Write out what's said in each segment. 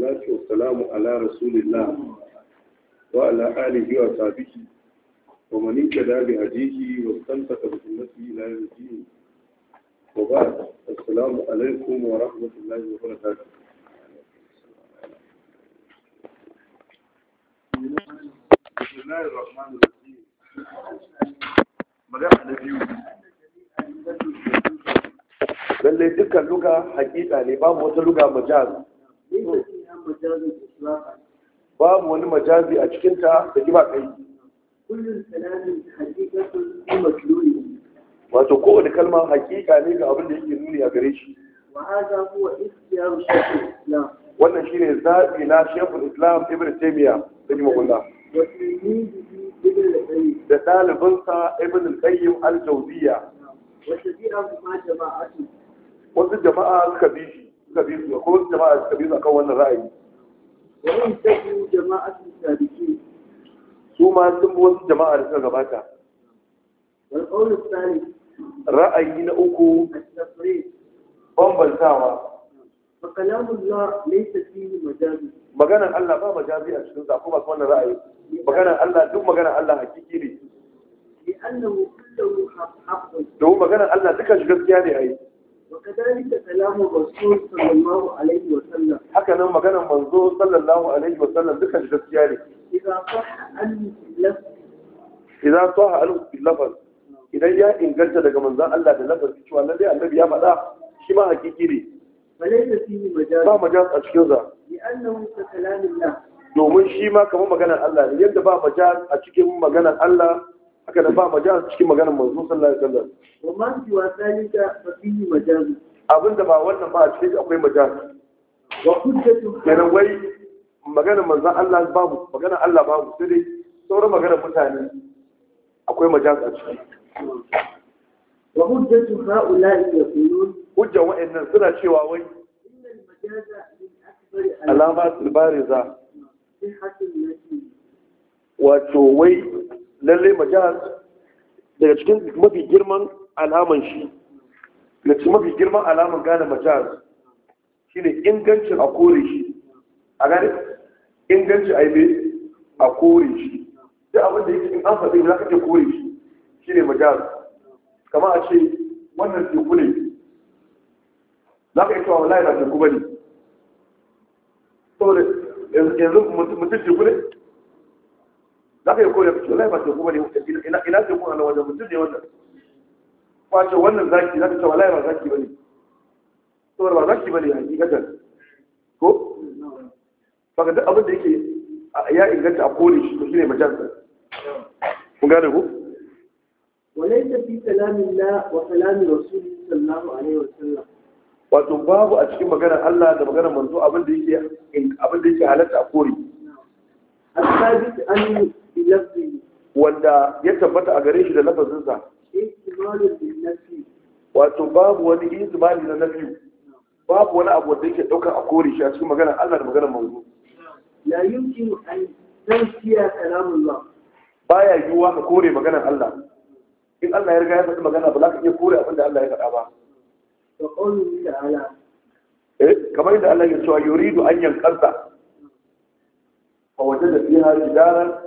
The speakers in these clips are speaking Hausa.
salatu wa salamu ala rasulillah wa ala alihi wa sahbihi wa man ittaba bi hadihi wa istanfa bi sunnati ila yawm الدين wa ba'd assalamu alaykum wa rahmatullahi wa barakatuh Lallai dukkan luga hakika ne, babu wata luga majal. babu wani majazi a cikinta da giba kai wato kowane kalma hakika ne ga abin da yake nuni a gare shi wannan shi ne zaɓi na shekul islam ibn taimiyya da yi magulla da ɗalibinsa ibn qayyim al-jawziyya wasu jama'a suka bi shi suka bi su ko jama'a suka bi su akan wannan ra'ayi wani tafi jama'a su sadiki su ma sun bi wasu jama'a da suka gabata ra'ayi na uku bambantawa maganar Allah ba majazi a cikin zafi masu wannan ra'ayi maganar Allah duk maganar Allah hakiki ne domin maganar Allah duka shi gaskiya ne a yi haka nan maganar manzo sallallahu alaihi wasallam duka gaskiya ne idan saha al-lafaz idan ya inganta daga manzon Allah da lafazi cewa lalle annabi ya faɗa shi ma hakiki ne ba majas a cikin sa domin shi ma kamar maganar Allah ne yadda ba majas a cikin maganar Allah haka da ba majalis cikin maganar manzo sallallahu alaihi wasallam wa man fi wasalika fa fi majalis abinda ba wannan ba a cikin akwai majalis wa hujjatu kana wai maganar manzo Allah babu maganar Allah babu sai dai sauran maganar mutane akwai majalis a ciki wa hujjatu ha'ula'i yaqulun hujja wa'annan suna cewa wai innal majaza alamat al wato wai lalle majaz daga cikin mafi girman alaman shi daga cikin mafi girman alaman gane majaz shi ne ingancin a kore shi a gane ingancin a yi a kore shi Sai abin da yake in an faɗi na kake kore shi shi ne majaz kama a ce wannan teku ne za ka yi cewa wallahi na teku ba ne saboda yanzu mutum teku ne za ka yi koyar fito lai ba ta ba ne ina ce kuma na wajen mutum ne wannan kwace wannan zaki za ka ce wallahi ba zaki ba ne saboda ba zaki ba ne hakikatan ko baka duk abin da yake ya inganta a kone shi to shine majalisa kun gane ku وليس في كلام الله وكلام رسوله صلى الله عليه وسلم wato babu a cikin maganar Allah da maganar manzo abin da yake abin halatta a kore الثابت أن بلفظه wanda ya tabbata a gare shi da lafazinsa wato babu wani izmali na nafi babu wani abu da yake daukar a kore shi a cikin maganar Allah da maganar manzo la yumkin an tanfiya kalamullah baya yiwuwa ka kore maganar Allah in Allah ya riga ya faɗi magana ba za ka iya kore abin Allah ya faɗa ba da eh kamar yadda Allah ya ce an yanqasa فوجد فيها جدارا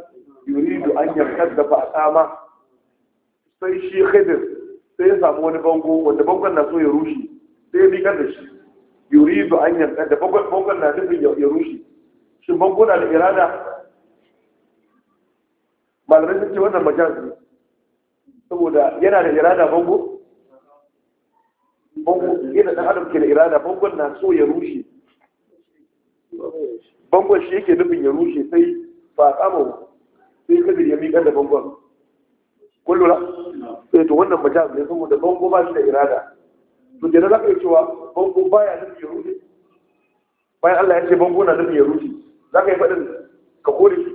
يريد أن يرتد فأسامه sai shi khidir sai ya samu wani bango wanda bangon na so ya rushe sai ya bi kan da shi yuri an yarda da bangon na nufin ya rushe shi bango na da irada malamai sun ce wannan majaz ne saboda yana da irada bango bango yana da adam ke da irada bangon na so ya rushe bangon shi yake nufin ya rushe sai ba kama sai kadir ya miƙar da bangon kun lura sai eh, to wannan majal ne saboda bango ba shi da irada to kenan za ka yi cewa bango ya nufin ya rushe bayan Allah ya ce bango na nufin ya rushe za ka yi faɗin ka kore shi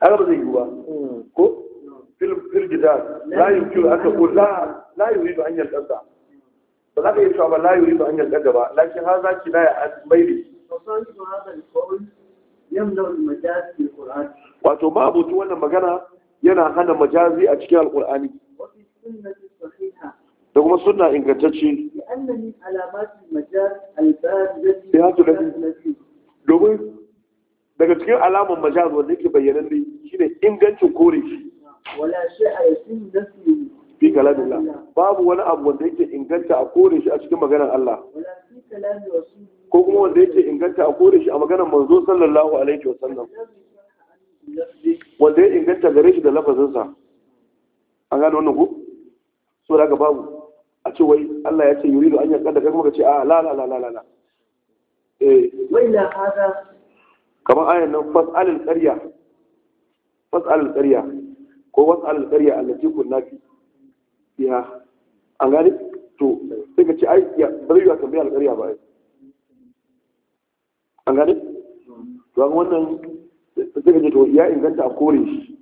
haka ba zai yi ba hmm. ko filgida gida la aka ko la yi yuridu hanyar ɗansa za ka yi cewa ba la yuri ba an yalƙar gaba lakin ha za ki laya a maili wato ma abutu wannan magana yana hana majazi a cikin alƙur'ani da kuma suna ingantacce domin daga cikin alamar majaz wanda yake bayyanan ne shine ingancin kore shi wala shi a yasin nasiru fi kalamillah babu wani abu wanda yake inganta a kore shi a cikin maganar Allah ko kuma wanda yake inganta a kore shi a maganar manzo sallallahu alaihi wasallam wanda ya inganta gare shi da sa an gano wannan ku so daga babu a ce wai Allah ya ce yuridu an yanka da kai kuma ka ce a la la la la la eh wai la hada kamar ayan nan al qarya al qarya ko al qarya allati kunna fi ya an gane to sai ka ce ai ya zai yi a tambaya alƙarya ba ai an gane to an wannan sai ka ce to ya inganta a kore shi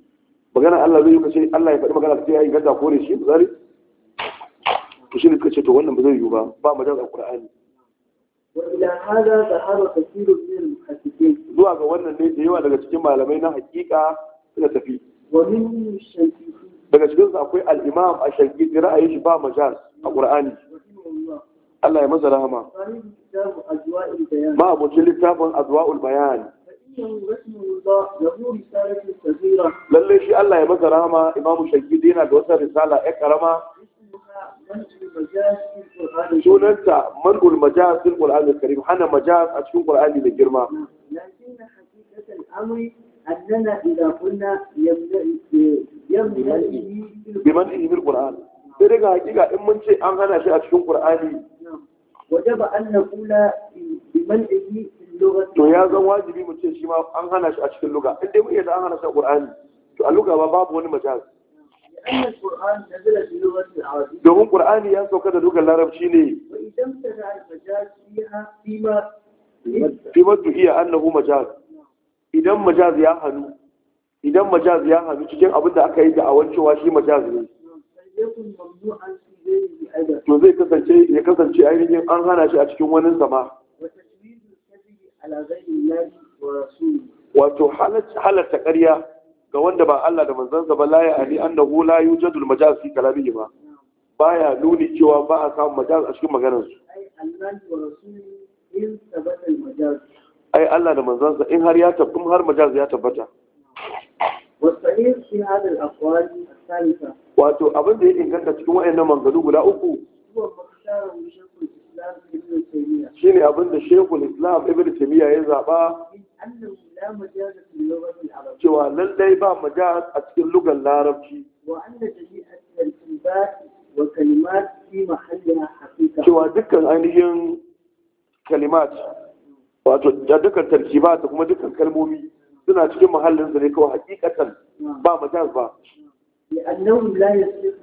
magana Allah zai yi ka ce Allah ya faɗi magana ta ya inganta a kore shi misali to shi ne suka ce to wannan ba zai yiwu ba ba a alƙur'ani zuwa ga wannan ne da yawa daga cikin malamai na hakika suka tafi daga cikin su akwai al-imam ash-shafi'i ra'ayi shi ba majaz a qur'ani Allah ya masa rahama ma abocin littafin adwa'ul bayan lallai shi Allah ya masa rahama imam shafi'i yana da wata risala ya karama sunanta man'ul majaz sun qur'an da karim hana majaz a cikin qur'ani da girma أننا إذا قلنا يمنعه بمنعه بالقرآن sai ga hakika in mun ce an hana shi a cikin Qur'ani wajaba an naqula bi man'ihi to ya zan wajibi mu ce shi ma an hana shi a cikin luga in dai mun yadda an hana shi a Qur'ani to a luga ba wani majaz domin Qur'ani ya sauka da dukkan larabci ne fi madduhiya annahu majaz idan majaz ya hannu idan majaz ya hannu cikin abin da aka yi da awan cewa shi majaz ne to zai kasance ya kasance ainihin an hana shi a cikin wani sama wato halatta ƙarya ga wanda ba Allah da manzansa ba la ya ani annahu la yujadu al-majaz fi kalamihi ba baya nuni cewa ba a samun majaz a cikin maganar su ai Allah da manzansa in har ya tabbata har majaz ya tabbata wato abin da ya inganta cikin wayannan mangalu guda uku Shi ne abin da shekul islam ibn taymiya ya zaba cewa lallai ba majaz a cikin lugan larabci cewa dukkan ainihin kalimat wato dukkan tarkibat kuma dukkan kalmomi suna cikin mahallin sa ne kawai hakikatan ba majaz ba annahu la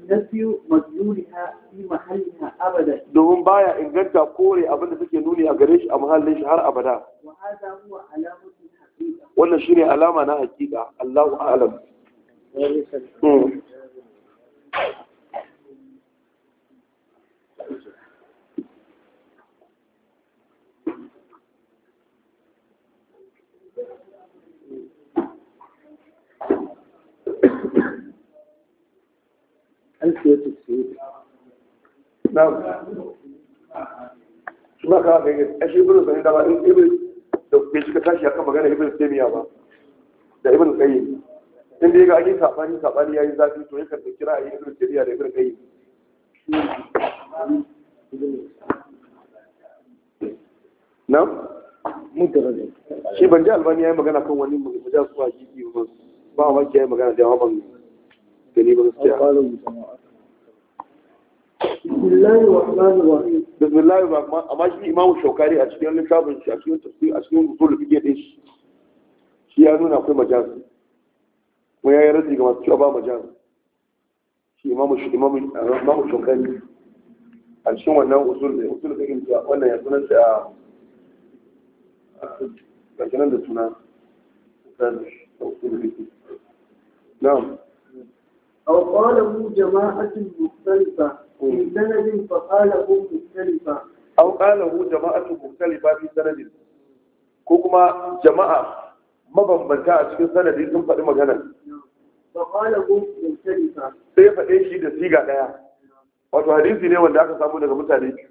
yasfiu mazluliha fi mahalliha abada domin baya inganta kore abinda suke nuni a gare shi a mahallin shi har abada Wannan shi ne alama na haqiqa Allahu a'lam Thank hmm. you. alfiyatu sayyid kuma ka ga shi da ba ibn da bai shiga tashi akan magana ibn taymiya ba da ibn qayyim in dai ga sabani sabani yayi zafi to yakan da kira ayi ibn taymiya da ibn qayyim shi ban ji albani yayi magana kan wani mujaz ko hakiki ba ba a makiyar magana da yawa ban gani ba gaskiya bismillahi rahman amma shi imamu shaukari a cikin wani littafin shi a cikin tafsir a cikin usul fiqh din shi shi ya nuna akwai majaz kuma yi raddi ga masu cewa ba majazi shi imamu shi imamu imamu shaukari a cikin wannan usul ne usul da fiqh din wannan ya sunan shi a ga da suna da usul da fiqh نعم أو قاله جماعة مختلفة في سند فقال فقاله مختلفة أو قال قاله جماعة مختلفة في سند كما جماعة mabambanta a في سند sun فقال magana. مختلفة faɗe إيشي da siga لها Wato hadisi ne wanda aka samu daga mutane biyu.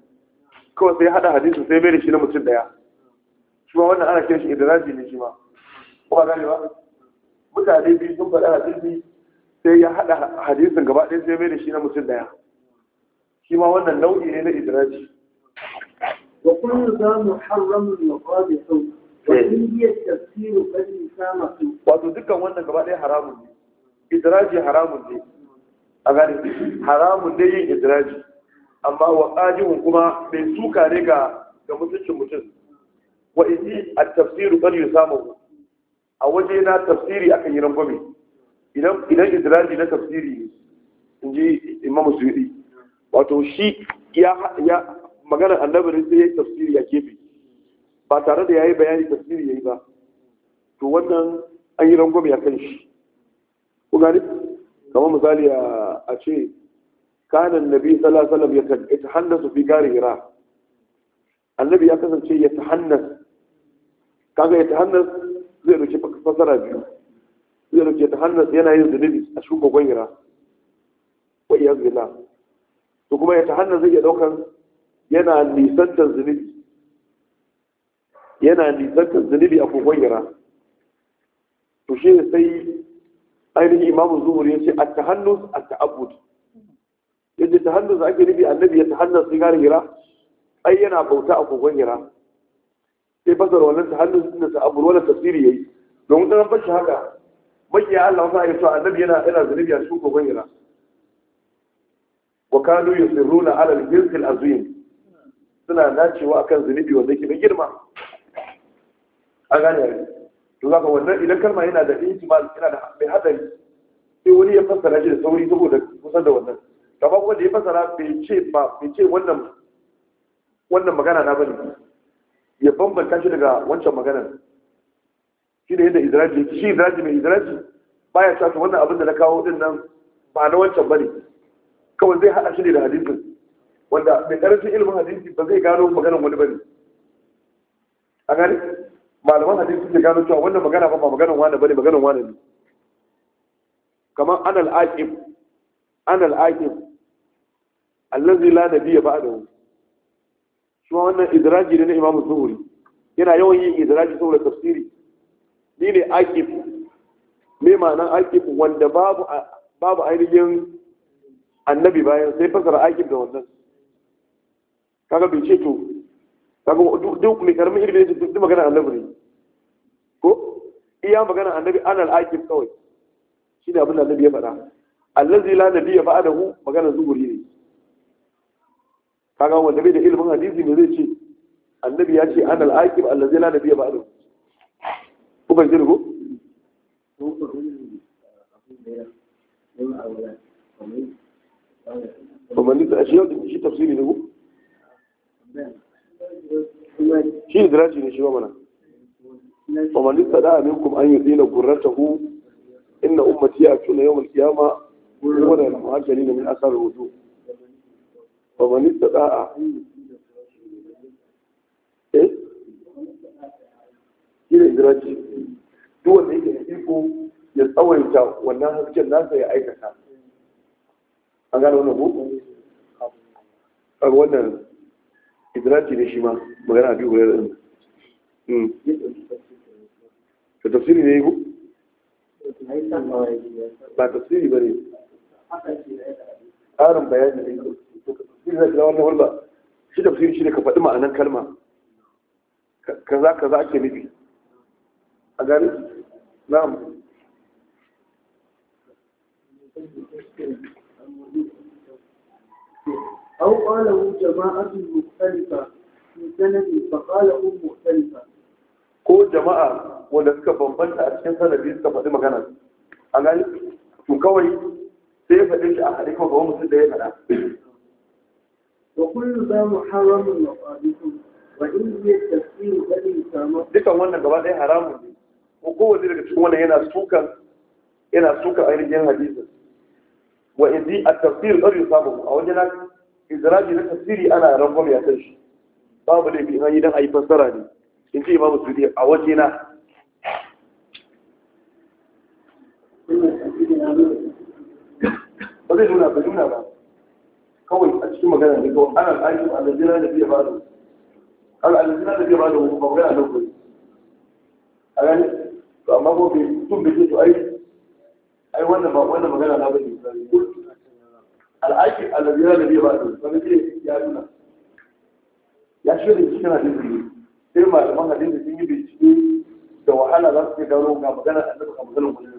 Kawai sai hada hadisi sai bai da shi na mutum daya Shi ma wannan ana kiran shi idiraji ne shi ma. Kuma gane ba? mutane biyu sun faɗa a hadisi sai ya haɗa hadisin gaba ɗaya sai mai da shi na mutum ɗaya shi ma wannan nau'i ne na idraji wa kullu za mu harramu al sau wa indiyar eh. tafsiru kan sama su wato dukkan wannan gaba ɗaya haramun ne idraji haramun ne a gani haramun ne yin idraji amma wa qadihun kuma mai suka ne ga mutuncin mutum wa indi a tafsiru kan samun a waje na tafsiri akan yi rangwame idan idan idraji na tafsiri in ji imam suyudi wato shi ya magana annabi ne sai ya yi tafsiri a kebe ba tare da ya yi bayani tafsiri ya yi ba to wannan an yi a kan shi ku kama misali a ce kanan nabi sallallahu ya wasallam ya su fi gari hira annabi ya kasance ya tahannas kaga ya tahannas zai roke fasara biyu zai dauke ta hannun yana yin zunubi a shuka gwangira wa iya zina to kuma ya ta hannun zai iya daukan yana nisantar zunubi yana nisantar zunubi a gira to shi ne sai ainihin imamu zuhur ya ce a ta hannun a ta abud yadda ta hannun ake nufi annabi ya ta hannun sigarin hira ai yana bauta a kogon gira sai fasara wannan ta hannun da ta abu wannan tafsiri yayi don dan bashi haka ya Allah sa ya so annabi yana yana zunubi a su gogon ira wa kanu yusirruna ala al-hirq al-azim suna nacewa akan zunubi wanda yake mai girma a gane to zaka wannan idan kalma yana da ihtimal yana da mai hadari sai wani ya fassara shi da sauri saboda kusa da wannan kamar wanda ya fassara bai ce ba bai ce wannan wannan magana na bane ya bambanta shi daga wancan maganar shi da yadda idraji yake shi izraji mai izraji ba ya ta wannan abin da na kawo din nan ba na wancan bane kawai zai haɗa shi ne da hadisin wanda mai ƙarfin ilimin hadisi ba zai gano maganar wani bane a gani malaman hadisi suke gano cewa wannan magana ba maganar wani bane maganar wani ne kamar anal al'aƙim anal al'aƙim allazi la nabiyya ba'dahu kuma wannan idraji ne na Imam Zuhuri, yana yawan yin idraji saboda tafsiri ni ne akifu me ma'anar akifu wanda babu ainihin annabi bayan sai fasara akif da wannan kaga bai ce to kaga duk mai karamin ilimi ne duk magana annabi ne ko iya magana annabi ana al'akif kawai kawai shine abin da annabi ya faɗa allazi la nabiyya ba'dahu magana zuhuri ne kaga wanda bai da ilimin hadisi ne zai ce annabi ya ce an al'aqib allazi la nabiyya ba'du ko ban jirgo to man da shi yau shi tafsiri ne ko shi idraji ne shi ba mana wa man istada minkum an yudina qurratahu inna ummati a yawm al-qiyamah wa la mu'ajjalina min asar al ومن استطاع eh shine idraji duk wanda yake da iko ya tsawaita wannan hasken nasa ya aikata an gane wannan ko a wannan idraji ne shi ma magana biyu guda da ka hmm. tafsiri ne ko ba tafsiri ba ne bayani ne irin da wannan hulba shi da shi ne ka faɗi ma'anan kalma kaza kaza ake nufi a gani na'am أو قاله جماعة مختلفة في سند فقاله مختلفة ko jama'a wanda suka bambanta a cikin sanadi suka faɗi magana a gani to kawai sai ya a haɗe kawai ga mutum da ya faɗa وكل ذا محرم وقابل وإن هي التفسير الذي samun. dukan wannan gaba ɗaya haramun ne ko kowace daga cikin wannan yana sukan ainihin hadisin wa idhi a tafsir qad yusabu a wajen izraji na tafsiri ana rangwame a kan shi babu da bi an yi a ayi fassara ne in ce ba zai kawai a cikin magana ne kawai ana aiki a lajina da biya bado ala lajina da biya bado ba ku a lokaci a gani to amma ko bai tun bai to ai ai wannan ba wannan magana na bane al'aiki a lajina da biya bado wanda ke ya nuna ya shirya cikin hadisi ne sai malaman hadisi sun yi bincike da wahala za su ke gano ga magana annabi ga maganar wani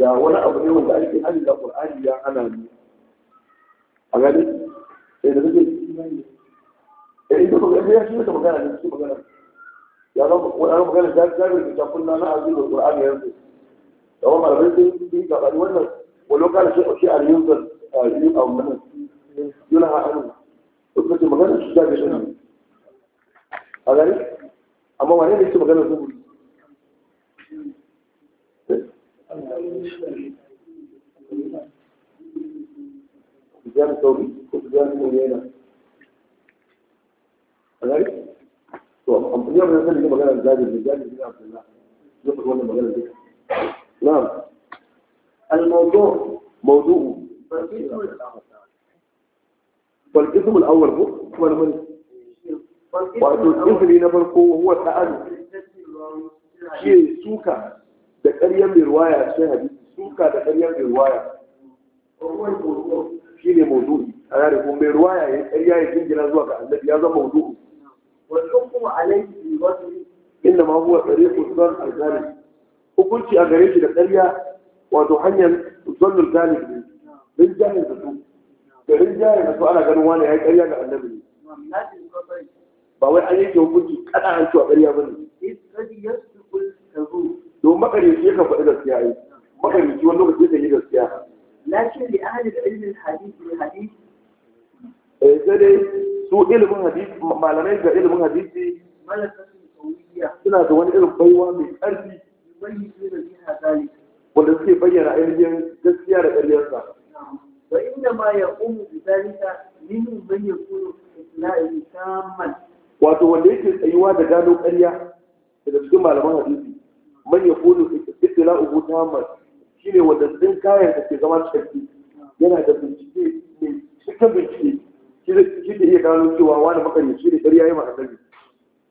da wani abu ne wanda ake hali da qur'ani ya hana ni a gani eh da kake eh ita ko ya shi ta magana ne shi magana ya ga wani magana da ta ga ta kunna na azil qur'ani yanzu da wani sai sun yi gabani wannan wani lokacin shi a yanzu a yi a wannan yana ha'anu kuma ce magana shi da ga shi a gani amma wani ne shi magana zuwa سفيان الثوري وسفيان بن عيينة كذلك اليوم نسال لي مجال الزاد الزاد بن عبد الله نخرج ولا مجال الذكر نعم الموضوع موضوع فالاسم الاول هو المن وقت الاسم اللي نفرقه هو التألم شيء سوكا da ƙaryar mai ruwaya sai hadisi suka da ƙaryar mai ruwaya shi ne maudu'i a yare kuma mai ruwaya ya ƙarya ya jingina zuwa ga annabi ya zama maudu'i wannan kuma inda ma huwa tsariƙu zan alzali hukunci a gare shi da ƙarya wato hanyar zannul galib ne bin jahil da su Da rin jahil da su ana ganin wani ya yi ƙarya ga annabi ne ba wai an yanke hukunci kada an cewa ƙarya ba ne don makaryaci yakan faɗi gaskiya ai makaryaci wani lokaci yakan yi gaskiya lakin li ahli ilmin hadith li hadith eh sai dai su ilimin hadith malamai ga ilimin hadisi suna da wani irin baiwa mai ƙarfi wanda suke bayyana ainihin gaskiya da ƙaryarsa wa inda ma ya umu bi zalika minhu man yakunu isla'i tamman wato wanda yake tsayuwa da gano ƙarya daga cikin malaman hadisi man ya kulu ittila ubu ta tamar shine wanda din kayan da ke zama shakki yana da bincike ne cikin bincike shi da iya gano cewa wani makarici da ƙarya ya maka nabi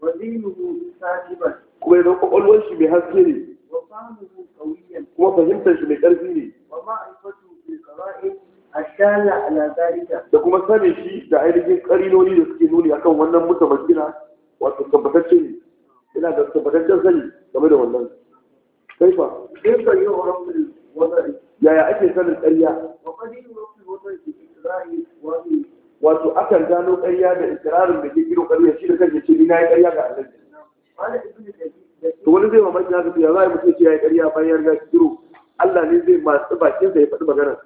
wadinuhu sahiban kuma ya zama ƙwaƙwalwar shi mai haske ne kuma fahimtar shi mai ƙarfi ne da kuma sani shi da ainihin ƙarinoni da suke nuni akan wannan mutabakina wato tabbatacce ne yana da tabbataccen sani game da wannan kaifa kaifa yau rabbul wadari yaya ake sanin ƙarya wa qadiru rabbul wadari isra'i wa wato akan gano ƙarya da ikirarin da ke kiro ƙarya shi da kanke ce ni na yi ƙarya ga Allah to wani zai mamaki haka to ya za a mutum ce ya yi ƙarya bayan ya kiro Allah ne zai masu bakin sa ya faɗi magana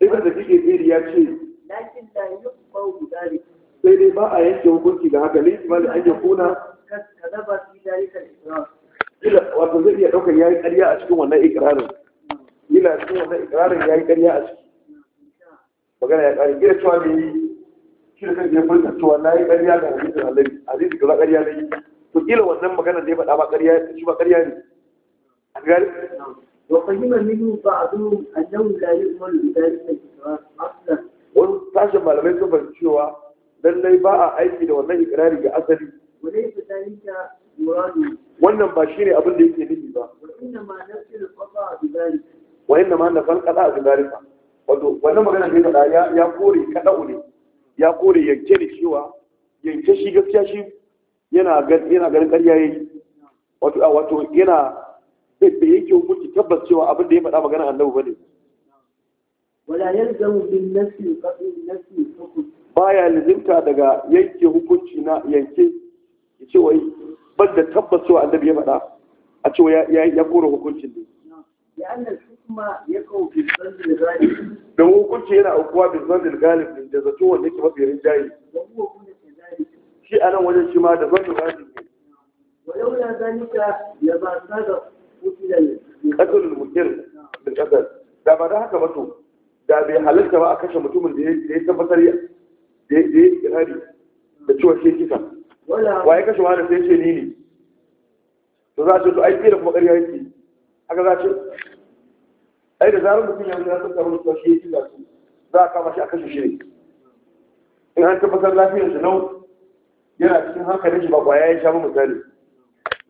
ibn da kike tsiri ya ce lakin sai dai ba a yanke hukunci da haka ne mal an yakuna kadaba wato zai iya ɗaukar ya yi ƙarya a cikin wannan ikirarin ila a cikin wannan ikirarin ya yi ƙarya a ciki magana ya ƙari gina cewa ne shi da kan ya furta cewa na yi ƙarya ga hadisin annabi hadisi gaba ƙarya ne to kila wannan magana da ya faɗa ba ƙarya shi ba ƙarya ne a an a وفهم منه بعضهم أنه لا يؤمن بذلك الإقرار أصلا wani tashin malamai sun fahimci cewa lallai ba a aiki da wannan ikirari ga asali. Wani fi wannan ba shi ne abin da yake nufi ba wa inna ma san kada a zalika wato wannan magana ne da ya ya kore kada ne ya kore yanke da cewa yanke shi gaskiya shi yana ganin ƙarya yayi wato wato yana da yake hukunci tabbas cewa abin da ya faɗa magana annabi ba ne ba bin lizinta baya daga yanke hukunci na yanke cewa ban da tabbas cewa annabi ya faɗa a cewa ya kora hukuncin ne da hukunci yana aukuwa bin zanzil galib din da zato wanda yake mafi rinjaye shi a nan wajen shi ma da zanzil galib ne walaula zalika ya ba sa da hukunan kasalul da ba da haka ba to da bai halarta ba a kashe mutumin da ya tabbatar da ya yi da cewa shi kisa waye kashe wani sai ce ni ne to za ce to ai kira kuma ƙarya yake haka za ce ai da zarar mutum ya zira ta karu shi yake da su za a kama shi a kashe shi ne in an tabbatar lafiyar shi nau yana cikin hankalin shi ba kwaya ya sha mu misali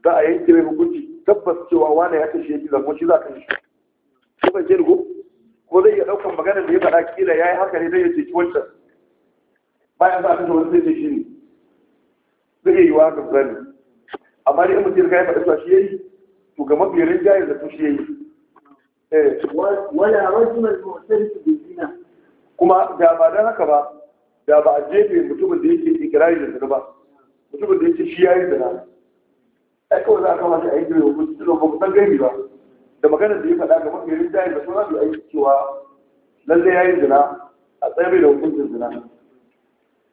za a yanke mai hukunci tabbas cewa wani ya kashe yake da kuma shi za a kashe shi ko bai ce ko ko zai iya ɗaukar magana da ya faɗa kila ya yi haka ne zai ya ceci wancan bayan za a kashe wani sai ce shi ne zai yi wa haka zani amma dai in mutum ya faɗi cewa shi yayi to ga mafi rinjaye da to shi yayi eh. wala rajulun mu'tarifu bi zina kuma da ba dan haka ba da ba a jefe mutumin da yake ikirari da zina ba mutumin da yake shi yayi zina ai kawai za a kama shi a yi jirgin hukunci tunan ba kusan gani ba da maganar da ya faɗa ga mafi rinjaye da sauran da aiki cewa lallai yayi zina a tsaye da hukuncin zina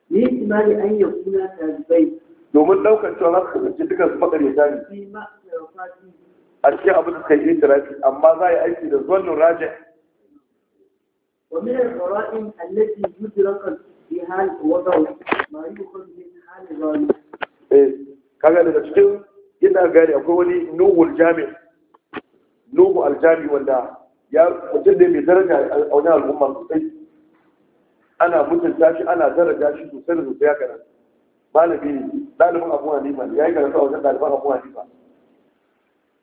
ni imani an yakuna ta bai domin ɗaukar cewa za su kasance dukkan su makarita ne a cikin abin da suka yi rafi amma za a yi aiki da zonnin raja kaga daga cikin inda gane akwai wani nuhul jami nuhu aljami wanda ya mutum ne mai daraja a wani al'umma sosai ana mutunta shi ana daraja shi sosai da sosai ya kana malami ne ɗalibin abu hanifa ya yi karatu a wajen ɗaliban abu hanifa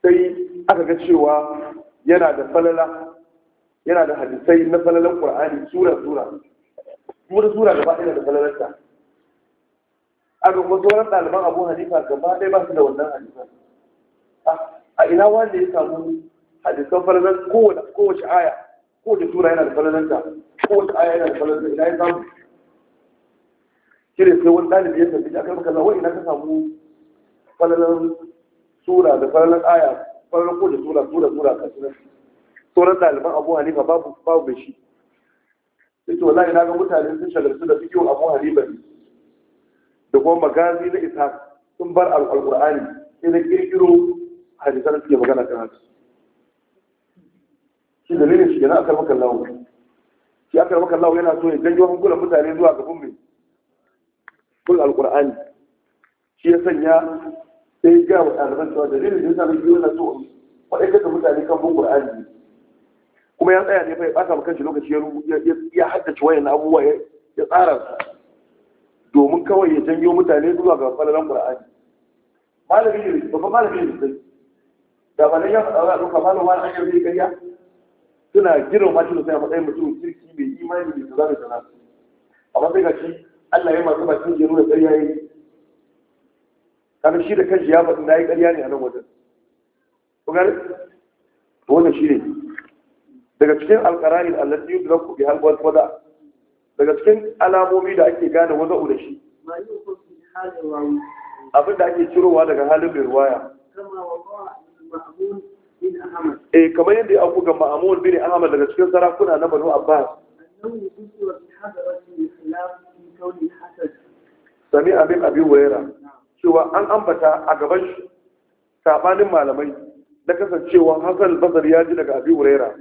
sai aka ga cewa yana da falala yana da hadisai na falalan ƙur'ani sura sura wani sura gaba ɗaya da falalarta aka kuma sauran ɗaliban abu hanifa gaba ɗaya ba su da wannan hadisan a ina wanda ya samu hadisan falalar kowace aya kowace sura yana da falalarta kowace aya yana da falalarta ina ya samu shi sai wani dalibi ya tafi da kai kaza zawai na ka samu falalan sura da falalan aya falalan ko da sura sura sura ka sura sauran daliban abu halifa babu babu da shi sai to wallahi na ga mutane sun shagaltu da fikiyo abu halifa ne da kuma magazi na isa sun bar alqur'ani sai na kirkiro hadisan suke magana kan haka shi dalilin shi yana akar maka lawo shi akar maka lawo yana so ya janyo hankulan mutane zuwa gaban mai kun Alƙur'ani shi ya sanya sai ga wa ɗaliban cewa dalilin da ya sami biyu na so faɗaikar mutane kan bin ƙur'ani ne kuma ya tsaya ne fa ya ɓata ma kanshi lokaci ya haddace wayan abubuwa ya tsara domin kawai ya janyo mutane zuwa ga falalan ƙur'ani malami ne babban malami ne sai da ba nan ya faɗa wa ɗauka malam wani an yarda ƙarya suna girma shi da sai a matsayin mutum kirki mai imani mai kaza da nasu. amma sai ga shi Allah ya masu bakin gero da ƙarya yi kaga shi da kanshi ya faɗi na yi ƙarya ne a nan wajen kugar wannan shi ne daga cikin alƙarari da Allah yi zuwa kuɓe halwar wada daga cikin alamomi da ake gane waza'u da shi abin da ake cirowa daga halin mai ruwaya eh kamar yadda ya auku ga ma'amun bin ahmad daga cikin sarakuna na banu abbas sami abin abin wayera cewa an ambata a gaban shi sabanin malamai na kasancewa hasan basari ya ji daga abin wayera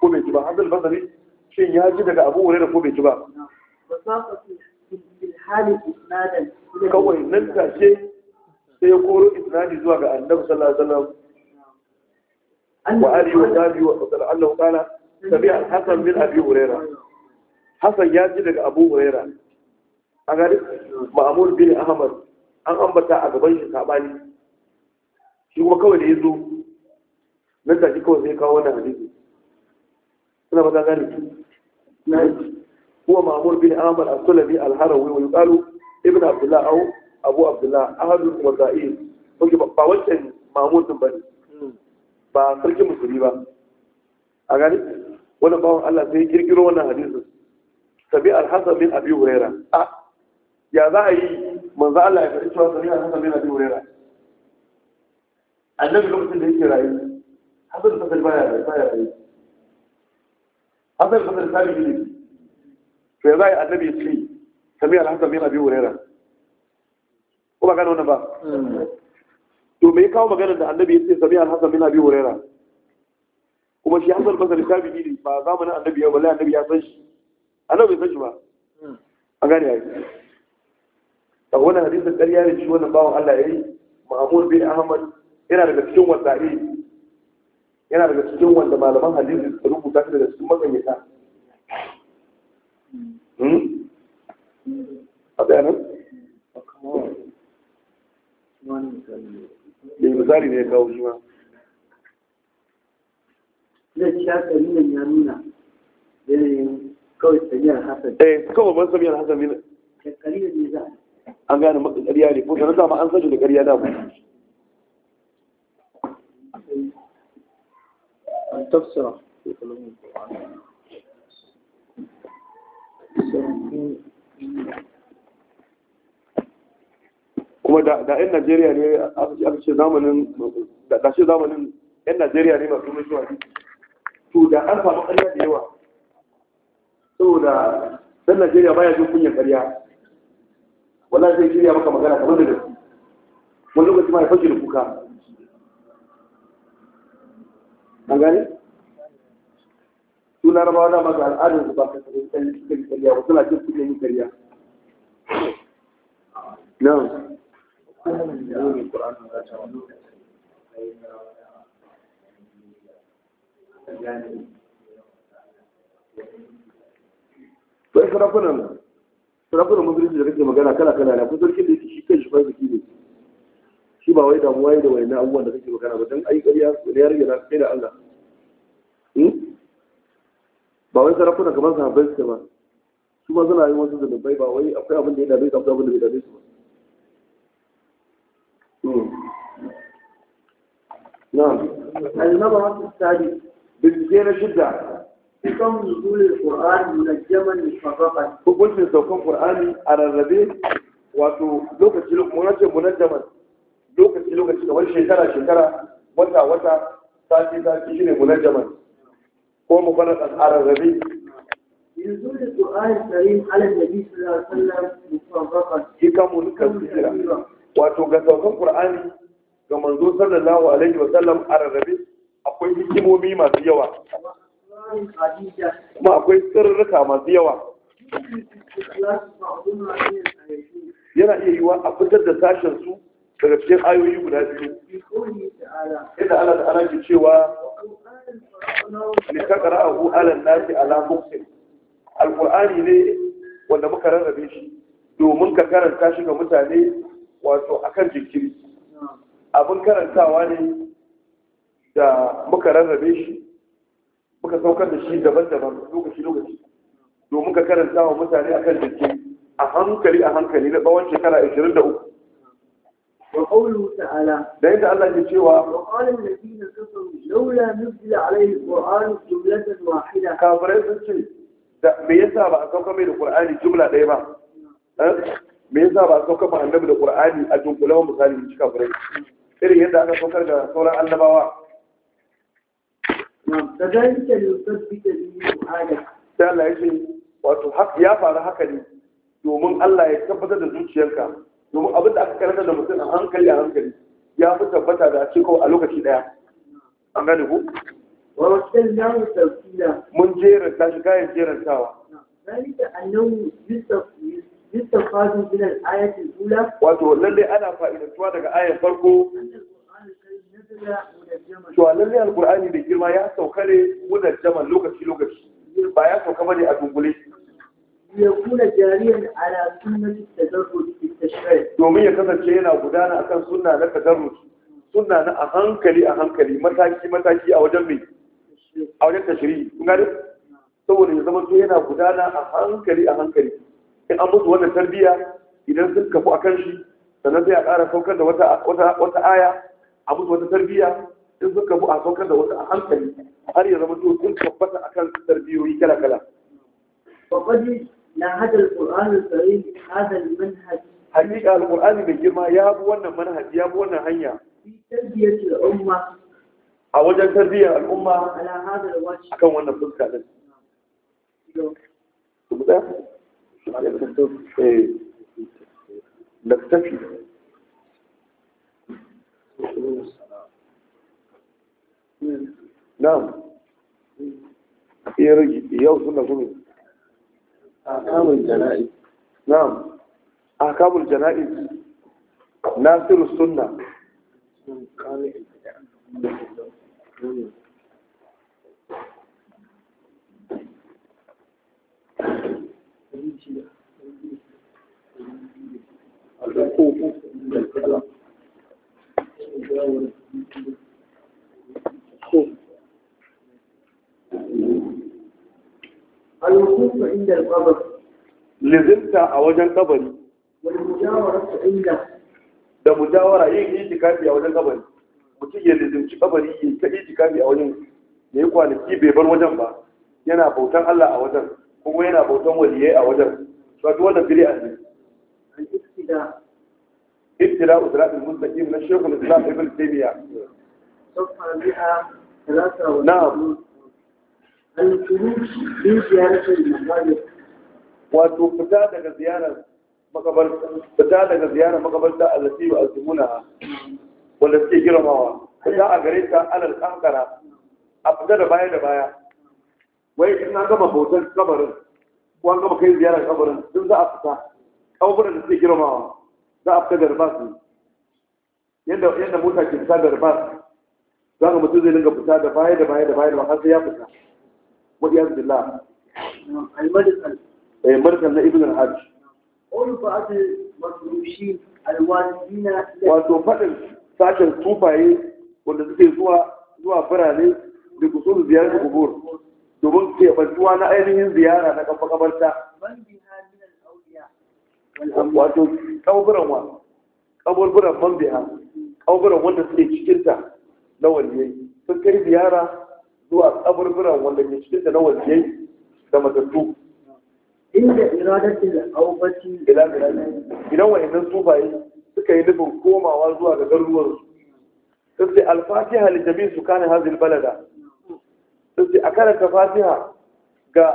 ko bai ci ba hasan basari shi ya ji daga abin wayera ko bai ci ba kawai nan tashe sai ya koro isnadi zuwa ga annabi sallallahu alaihi wasallam wa alihi wa sahbihi wa sallam Allah ta'ala sabi al-hasan bin abi hurairah hasan ya ji daga abu hurairah a gari ma'amur bin ahmad an ambata a gaban shi sabani shi kuma kawai da ya zo nan take kawai sai kawo wannan hadisi suna ba ta gane هو Ahmad بن آمر السلمي الهروي ويقال ابن عبد الله أو أبو عبد الله أحد الوزائين وكي باوشن مأمور بن بني ba sarki musulmi ba a gani wani bawon Allah sai kirkiro wannan hadisin sabi alhassan bin abi huraira a ya za a yi manzo Allah ya faɗi cewa sami hasan bin abi hurairah annabi lokacin da yake rayu hasan bin abi baya baya rayu hasan bin abi tabi'i ne to ya za a yi annabi ya ce sami Hassan hasan bin abi hurairah ko ba gano wannan ba to me ya kawo magana da annabi ya ce sami Hassan hasan bin abi hurairah kuma shi hasan bin abi tabi'i ne ba zamanin annabi ya wallahi annabi ya san shi annabi bai san shi ba hmm. an gane ya yi. a wannan hadisin ƙarya ne shi wannan bawan Allah ya yi Ma'amun bin Ahmad yana daga cikin wasa'i yana daga cikin wanda malaman hadisi suka rubuta shi daga cikin matsanyata hmm? a bayanan? da misali ne ya kawo shi ma da shafari nan ya nuna yanayin kawai samiyar hasan eh kawai ban samiyar hasan ne kalilin ne an gane maka ƙarya ne ko da na dama an san da ƙarya da kuma da 'yan najeriya ne a ce zamanin da shi zamanin 'yan najeriya ne masu mutuwa ne to da an samu ƙarya da yawa saboda ɗan najeriya baya jin kunyar ƙarya wallahi zai shirya maka magana kamar da gaske wani lokaci ma ya fashe da kuka an gane su larabawa da masu al'adar su ba ka sabu tsalli suka yi karya wasu na cin suke yi karya nan sarakunan musulunci da kake magana kala kala na kusur kin da yake shi kai shi jiki ne shi ba wai damuwa yi da wani na abubuwan da kake magana ba don ai ƙarya ne ya rage na kai da Allah hmm? ba wai sarakunan kamar sahabbai suke ba su ma suna yin wasu bai ba wai akwai abin da ya dame su akwai abin da bai dame su ba نعم المبحث الثالث بالزينة shidda. Hukum nuzulil Qur'ani munajjaman mufarraqan. Hukuncin saukan Qur'ani a rarrabe wato lokaci lokaci munajjaman lokaci lokaci kamar shekara shekara wata wata sati sati shine munajjaman ko fara a rarrabe. Nuzulil Qur'ani karim ala nabi sallallahu alaihi wasallam mufarraqan. Hikamun kasira. Wato ga saukan Qur'ani ga manzo sallallahu alaihi wasallam a rarrabe akwai hikimomi masu yawa. kuma akwai tsirrika masu yawa yana iya yiwa a fitar da sashen su daga cikin ayoyi guda biyu inda Allah ta'ala ke cewa ne ka kara abu alan nasi ala muksin ne wanda muka rarrabe shi domin ka karanta shi ga mutane wato akan jinkiri abin karantawa ne da muka rarrabe shi muka saukar da shi daban-daban lokaci-lokaci domin ka karanta wa mutane a kan jiki a hankali a hankali na tsawon shekara 23 وقوله تعالى دعيت الله يجيوا وقال الذين كفروا لولا نزل عليه القرآن جملة واحدة كافرين سنشي me yasa ba a sauka mai da Qur'ani jumla ɗaya ba eh? me yasa ba a sauka ba annabi da Qur'ani a dunkulan misali ci kafirai irin yadda aka saukar da sauran annabawa كذلك ليثبت به سبحانك sai Allah ya ce wato ya faru haka ne domin Allah ya tabbatar da zuciyarka domin abin da aka karanta da mutum a hankali a hankali ya fi tabbata da ce kawai a lokaci daya an gane ku wa ya mu tafsira mun jera ta shi kayan jeran tawa zalika annahu yustafadu min al-ayati al wato lallai ana fa'idantuwa daga ayar farko to lallai alqur'ani da girma ya sauka ne mudan lokaci lokaci ba ya sauka bane a dungule yakuna jariyan ala sunnati tadarruj fi tashri' domin ya kasance yana gudana akan sunna na tadarruj sunna na a hankali a hankali mataki mataki a wajen mai a wajen tashri' kun gani saboda ya zama yana gudana a hankali a hankali in an musu wannan tarbiyya idan sun kafu akan shi sannan sai a ƙara saukar da wata aya a musu wata tarbiyya in suka bu a saukar da wata a hankali har ya zama to sun tabbata akan tarbiyoyi kala kala وقد لا هذا القرآن الكريم هذا المنهج حقيقة القرآن بجمع يابونا منهج يابونا هيا في تربية الأمة أو وجه تربية الأمة على هذا الوجه أكون وانا فزكا لك نكتفي na'am yau suna kuma akamul jana'iz na'am akamul jana'iz nasiru sunna Lizinta a wajen kabari والمجاورة عنده da mujawara yin itikafi a wajen kabari mutum ya lizinci kabari ya ta itikafi a wajen ya yi kwanaki bai bar wajen ba yana bautan Allah a wajen kuma yana bautan waliyai a wajen wato wannan a ne ابتلاء ثلاث المنتجين من الشيخ الاسلام ابن تيميه. نعم. وتفتادك زيارة مقبل فتادك زيارة التي يؤذمونها والتي جرمها فتاة قريتها أنا الأخرى أبدأ بايا لبايا وإن أنا مبوزا قبر وأنا مكين زيارة قبر أو قبر التي جرمها za a fita da ribas yadda yadda mota ke fita da ribas za ka mutum zai dinga fita da baya da baya da baya da har sai ya fita wa iyaz billah al-madkhal eh madkhal na ibn al-hajj qul fa ati al-walidina wato fadin sashen tufaye wanda suke zuwa zuwa birane da kusur ziyarar kubur domin ke bantuwa na ainihin ziyara na kafa kabarta wato kaburburan wa kaburburan man biya kaburburan wanda suke cikinta na waliyai sun kai ziyara zuwa kaburburan wanda ke cikinta na waliyai da matattu inda iradatin aubati idan wa'annan sufaye suka yi nufin komawa zuwa ga garuruwarsu sun ce alfatiha li jami su kane hazil balada sun ce a karanta fatiha ga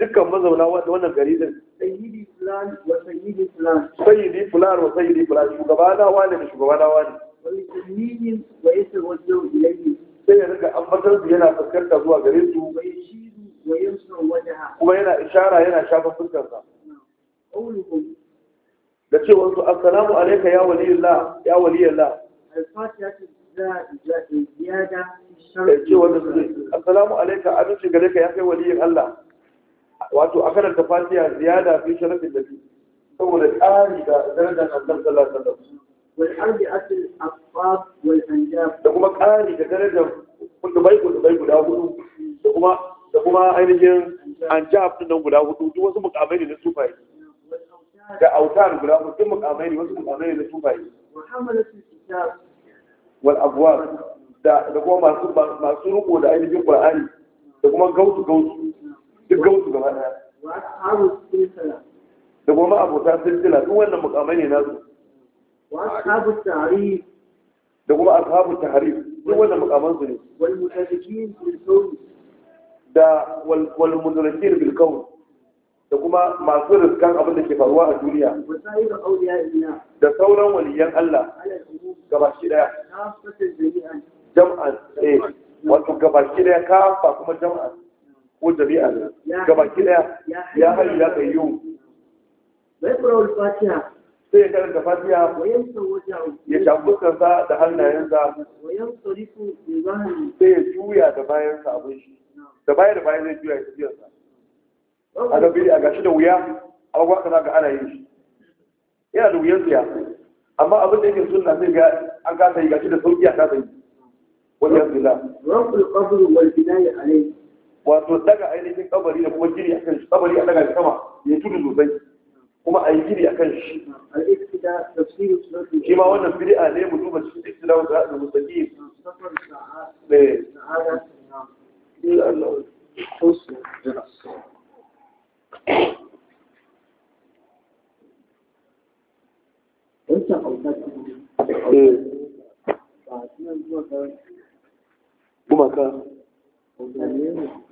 dukkan mazauna wannan gari din fulan wa sayyidi fulan sayyidi fulan wa sayyidi fulan shugaba na wani da shugaba na wani wa yusammihim wa yatawajjahu ilayhi sai ya riga ambatar su yana fuskanta zuwa gare su wa yashiru wa yansu wajha kuma yana ishara yana shafa fuskar sa qawluhum da cewar su assalamu alayka ya waliyullah ya waliyullah al-fatiha ziyada cewa da su assalamu alayka abin shi gare ka ya kai waliyin Allah wato a karanta fatiha ziyada fi sharafin da saboda ƙari da darajar annabi sallallahu alaihi wasallam wal ardi asl asfar wal anjab da kuma ƙari da darajar kutubai kutubai guda hudu da kuma da kuma ainihin anjab din nan guda hudu duk wasu mukamai ne na sufaye da autar guda hudu duk mukamai ne wasu mukamai ne na sufaye wal abwab da da kuma masu masu da ainihin qur'ani da kuma gautu gautu duk gausu gaba daya da goma abota silsila duk wannan mukamai ne nasu da kuma ashabu tahrif duk wannan mukaman su ne da wal wal mutazakkin da kuma masu riskan abin da ke faruwa a duniya da sauran waliyan Allah gabashi daya jam'an eh wato gabashi daya kafa kuma jam'an ko jami'a gaba ki ya hayu ya kai yau bai kura ya karanta fatiha ya da hannayensa sai ya juya da da baya zai juya ya a ga a gashi da wuya a ga ana yin shi yana da wuyan amma abin da yake sunna sai ga an yi gashi da sauki a kasa yi wato daga ainihin kabari da kuma giri akan shi kabari a daga sama ya tudu sosai kuma a yi a kan shi shi ma wannan bid'a ne mu duba cikin iktida wa da mustaqim ne eh. eh. Gumaka. Gumaka.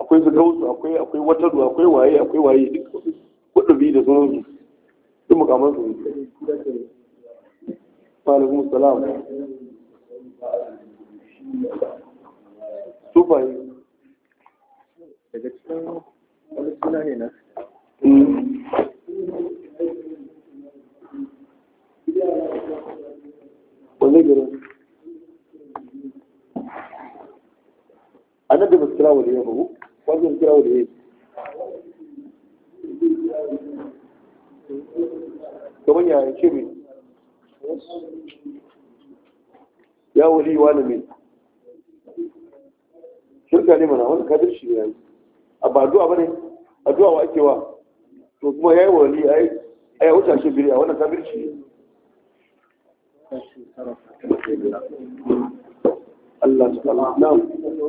akwai su gausu akwai akwai watadu akwai waye akwai waye duk kudubi da sauransu duk mukamman su alaikum salam sufaye daga cikin wani ne na hmm. wanne gari annabi ba su kira wani yabo wajen kira wuri ne. kamar ya ce mai ya wali wa mai shirka ne mana wani kadir shi ya yi a ba ne? bane zuwa wa ake wa to kuma ya yi wali ai yi wuta shi biri a wannan kadir shi Allah subhanahu wa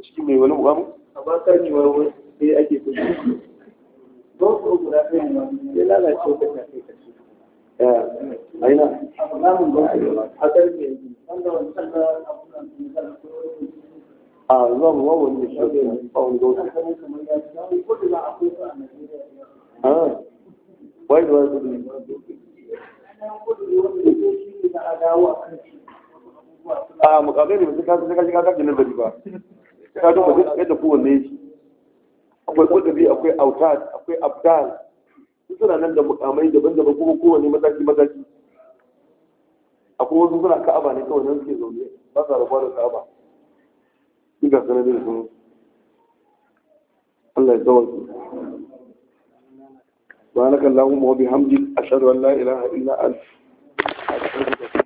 daga cikin mai wani mukamin a ba karni wani sai ake kuma guda kai ne lalace ta kai aina namun ba a wanda wani abubuwan a zuwa ba wani da shi ba wani a wai da wani a ne ba kasu sai kashi kakar da ba ka duba duk yadda kowanne akwai kudubi akwai autad akwai abdal su suna nan da mukamai daban-daban kuma kowanne mataki-mataki akwai wasu suna ka'aba ne kawai nan suke zaune ba sa rabuwa da ka'aba duk ga sanadin sun Allah ya zawar سبحانك اللهم وبحمدك أشهد أن لا إله إلا أنت